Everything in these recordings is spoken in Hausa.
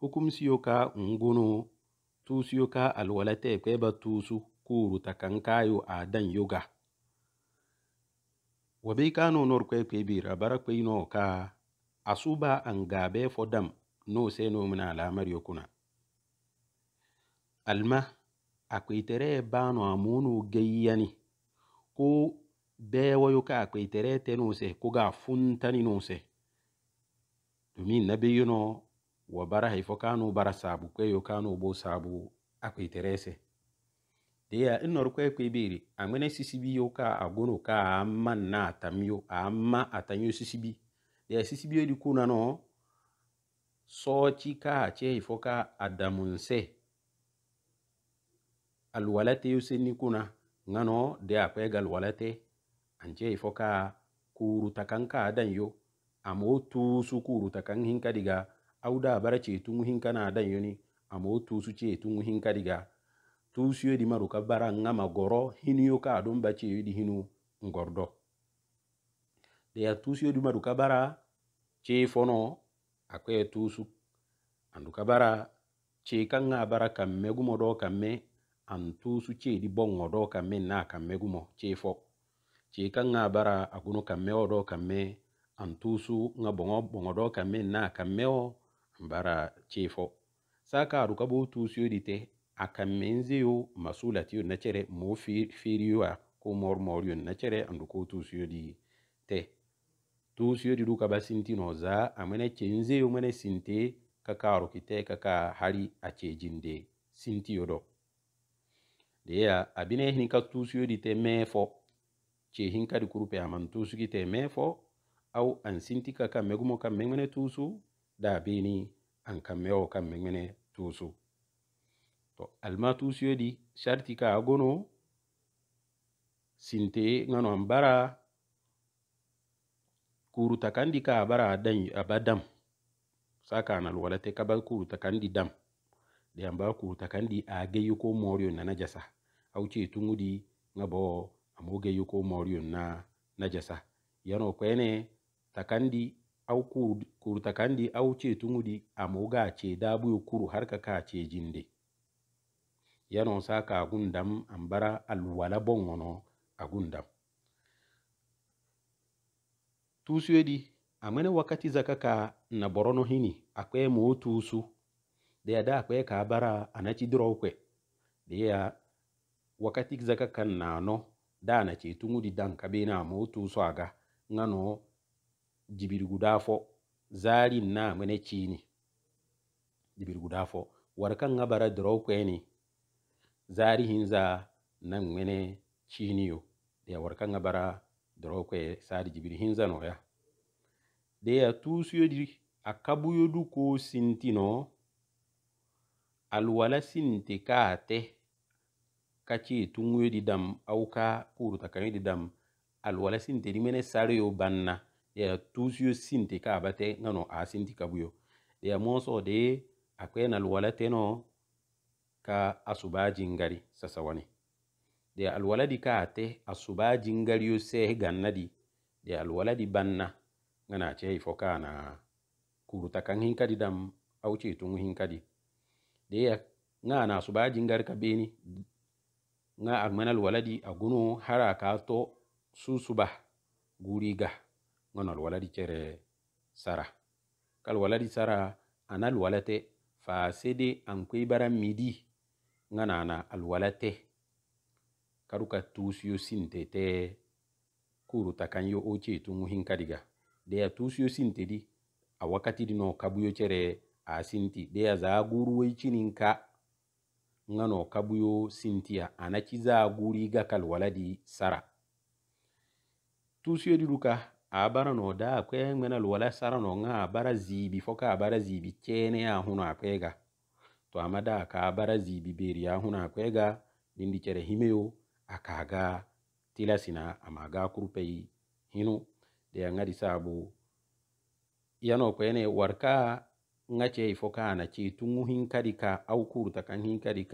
hukum siyo ka ngono tu siyo ka alwalate kwe ba tusu kuru takankayo a dan yoga wabe ka no nor kwe kwe bira kwe no ka asuba an gabe fo dam no se no muna alamar yokuna alma akwai tere bano amunu gayyani ko bewa yoka akwai tere se ko ga funtani nuse domin na biyuno wa bara haifo kano bara sabu kweyo kano bo sabu akwai terese deya inor kwe kwe biri amene sisibi yo ka agono ka amma na atamyo amma atanyo sisibi deya sisibi yo dikuna no so ka ce haifo ka adamunse alwalate yo senni kuna ngano de akwe galwalate anche haifo ka kurutakan ka adanyo, yo tu tusu kurutakan hinka diga auda tun wuhin kana dan yoni motu tusu ce diga kadiga su di maru ka bara nga magoro goro hiniyo ka don bace yidi hinu ngordo de ya su di maru ka bara ce fono akwe tusu andu ka bara ce kan nga bara kan megumo do me an tusu ce di bongo do me na kan megumo ce fo ce kan nga bara agunu me o do me an tusu nga bongo bongo do me na me o bara ceefo sakaaru ka bo tuusiyodite a kan menziyo masulatiyo nacere moo feeriyowa ko mormoryo nacere andu ko tuusiyodi te tuusiyodi du kaba sintino za amene cenzeyo mene sinte ka kaaru kite ka ka hari a ceejinde sintiyo do deya abine hini ka tuusiyodi te meefo ceehin kadi kurupe aman tuusugite meefo au an sinti ka ka megumo kan me mene tuusu da bini an kammewo kan mene tusu to alma tuusuyoɗi sharti ka agono sinte ngano ambara bara takandi ka a bara abadam dam na lwala te kabal kuru takandi dam de amba kuru takandi age a geyu na najasa auce tungudi ngabo amoge yuko ko na najasa yano kwene takandi au kurta kandi au ce tungudi amoga ce dabu kuru harka ka ce jinde yano saka gundam ambara alwala bongono a gundam amene wakati zaka ka na borono hini akwe mo tusu da ya da akwe ka bara anachi drokwe de ya wakati zaka kan nano da na ce tungudi dan kabena mo tusu aga ngano jibiri guda fo zari na mene chini jibiri guda fo warkan ngabara draw kweni zari hinza nan mene chini yo de warkan ngabara draw kwe sari jibiri hinza no ya de ya tusuyo di akabuyo du ko sintino alwala sinte kate kaci tungu di dam auka kuru takanyo di dam alwala sinte di mene sari yo banna ya tuzio sinti ka abate ngano a sinti kabuyo ya monso de akwe na luwala teno ka asuba jingari sasa wani de alwala di ka ate asuba jingari yo se gannadi de alwala di banna ngana che ifo ka na kuruta kan hinkadi dam au che tungu hinkadi de ya nga na asuba jingari ka beni nga agmana alwala di aguno hara ka to susuba guriga ŋono alwala di cɛrɛ sara kalwala di sara ana alwala tɛ fa sede ankoi bara midi ŋana ana alwala tɛ karuka ka sinte tɛ kuru takan yo o tu muhin kadiga deya tuusiyo sinte di a wakati di no kabuyo cɛrɛ a sinti ya zaa guru chinin ka ŋano kabuyo sintia ana ci zaa guri ga kalwala di sara tuusiyo di luka a bara no da kwe ngwena luwala sara no nga a bara zibi foka a bara zibi kene ya hunu a to amma da ka bara zibi beri ya hunu a nindi kere himeo a kaga tilasina ama ga kurpei hinu de ya ngadi sabu yano kwene warka nga ce foka na ce tungu hinkadika au kurta kan hinkadi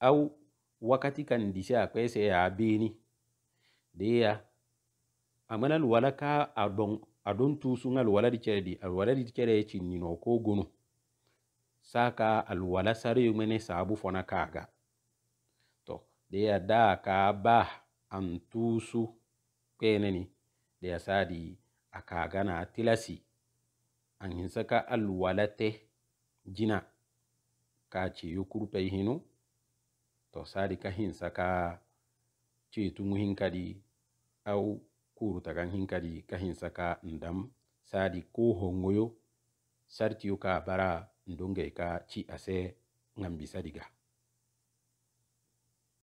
au wakati kan dise kwese ya beni de ya amana luwala ka adon adon tusun luwala di chere di alwala di chere ci nino ko gono saka alwala sare yumene sabu fona kaga to de ya da ka ba an tusu kenani da ya sadi a kaga na tilasi an hinsaka alwalate jina ka yukuru pe hinu to sadi ka ka chi tumuhin kadi au kuruta kan hinkadi kahinsa ka ndam sadi ko hongoyo sartiyo ka bara ndonge ka ci ase ngambisa diga